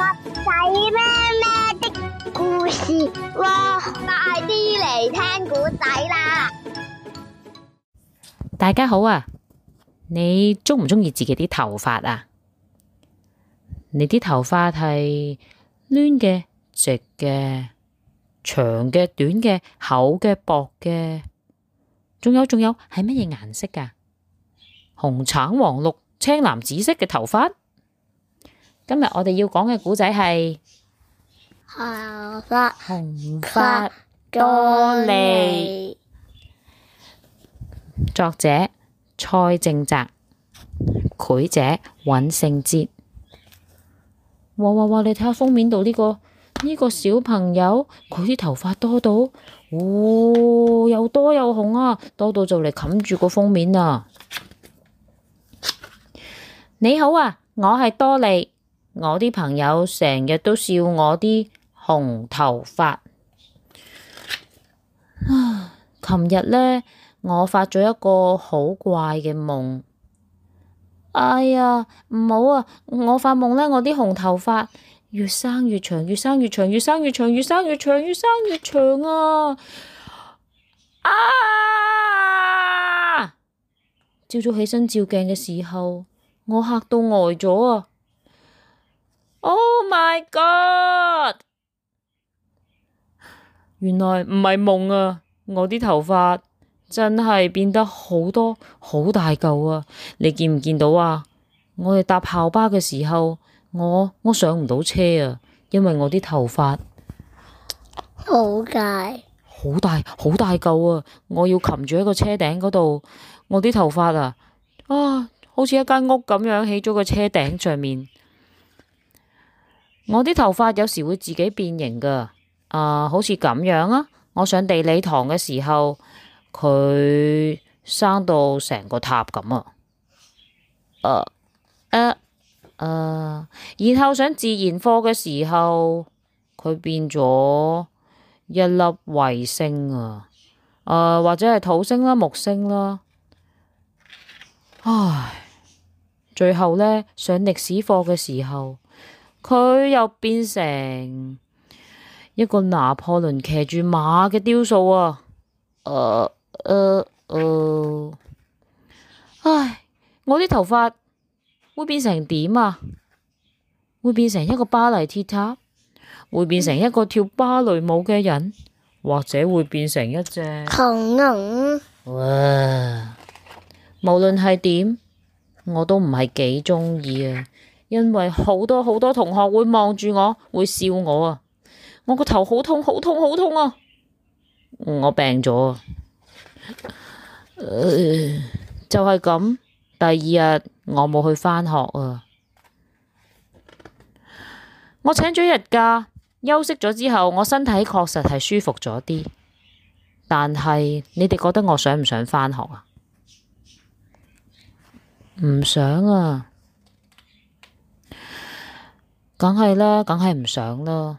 仔咩咩的故事喎，快啲嚟聽古仔啦！大家好啊，你鍾唔鍾意自己啲頭髮啊？你啲頭髮係攣嘅、直嘅、長嘅、短嘅、厚嘅、薄嘅，仲有仲有係乜嘢顏色㗎？紅、橙、黃、綠、青、藍、紫色嘅頭髮？今日我哋要講嘅古仔係《紅髮多莉》，作者蔡淨澤，繪者尹盛喆。哇哇哇！你睇下封面度呢、呢個呢、呢個小朋友，佢啲頭髮多到哦，又多又紅啊，多到就嚟冚住個封面啊。你好啊，我係多莉。我啲朋友成日都笑我啲紅頭髮。啊！琴日咧，我發咗一個好怪嘅夢。哎呀，唔好啊！我發夢咧，我啲紅頭髮越生越長，越生越長，越生越長，越生越長，越生越長啊！啊！朝早起身照鏡嘅時候，我嚇到呆咗啊！Oh my God！原來唔係夢啊，我啲頭髮真係變得好多好大嚿啊！你見唔見到啊？我哋搭校巴嘅時候，我我上唔到車啊，因為我啲頭髮好大，好大好大嚿啊！我要擒住喺個車頂嗰度，我啲頭髮啊啊，好似一間屋咁樣起咗個車頂上面。我啲頭髮有時會自己變形㗎，啊，好似咁樣啊！我上地理堂嘅時候，佢生到成個塔咁啊，誒誒誒，然後上自然課嘅時候，佢變咗一粒衛星啊，誒、啊、或者係土星啦木星啦，唉，最後咧，上歷史課嘅時候。佢又變成一個拿破崙騎住馬嘅雕塑啊！誒誒誒，唉，我啲頭髮會變成點啊？會變成一個巴黎鐵塔，會變成一個跳芭蕾舞嘅人，或者會變成一隻恐龍。哇！無論係點，我都唔係幾中意啊！因為好多好多同學會望住我，會笑我啊！我個頭好痛，好痛，好痛啊！我病咗啊、呃！就係、是、咁，第二日我冇去返學啊！我請咗日假，休息咗之後，我身體確實係舒服咗啲。但係你哋覺得我想唔想返學啊？唔想啊！梗係啦，梗係唔想啦。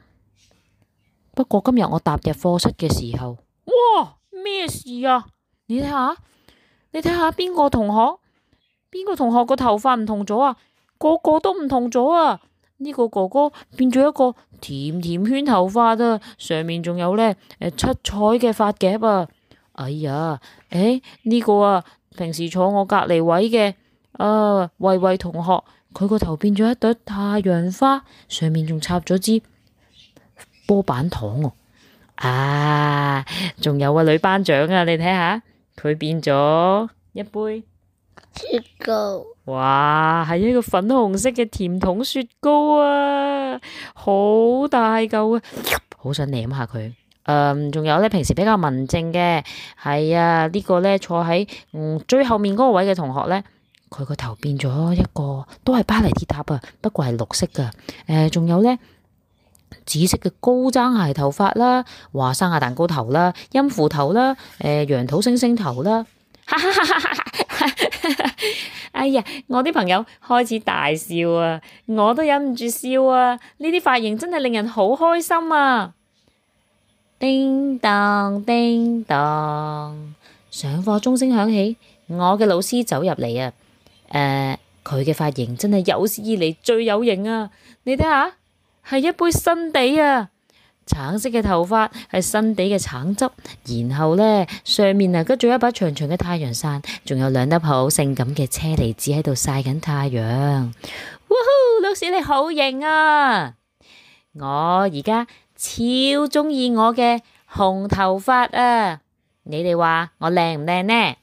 不過今日我踏入課室嘅時候，哇，咩事啊？你睇下，你睇下邊個同學，邊個同學個頭髮唔同咗啊？個個都唔同咗啊！呢、這個哥哥變咗一個甜甜圈頭髮啦，上面仲有咧誒七彩嘅髮夾啊！哎呀，誒、欸、呢、這個啊，平時坐我隔籬位嘅啊慧慧同學。佢個頭變咗一朵太陽花，上面仲插咗支波板糖哦、啊。啊，仲有啊女班長啊，你睇下，佢變咗一杯雪糕。哇，係一個粉紅色嘅甜筒雪糕啊，好大嚿啊，好想舐下佢。仲、嗯、有咧，平時比較文靜嘅，係啊，這個、呢個咧坐喺、嗯、最後面嗰個位嘅同學咧。佢個頭變咗一個都係巴黎鐵塔啊，不過係綠色噶。誒、呃，仲有咧紫色嘅高踭鞋頭髮啦，華山啊蛋糕頭啦，音符頭啦，誒、呃，羊肚星星頭啦。哈哈哈！哈哈哈！哎呀，我啲朋友開始大笑啊，我都忍唔住笑啊。呢啲髮型真係令人好開心啊！叮當叮當，上課鐘聲響起，我嘅老師走入嚟啊！誒，佢嘅、呃、髮型真係有史以嚟，最有型啊！你睇下，係一杯新地啊，橙色嘅頭髮係新地嘅橙汁，然後咧上面啊，跟住一把長長嘅太陽傘，仲有兩粒好性感嘅車厘子喺度曬緊太陽。嗚呼，老師你好型啊！我而家超鍾意我嘅紅頭髮啊！你哋話我靚唔靚呢？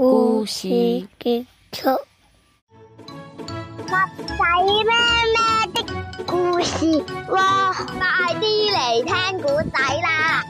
故事結束，襪仔咩咩的故事，哇，快啲嚟聽故事啦。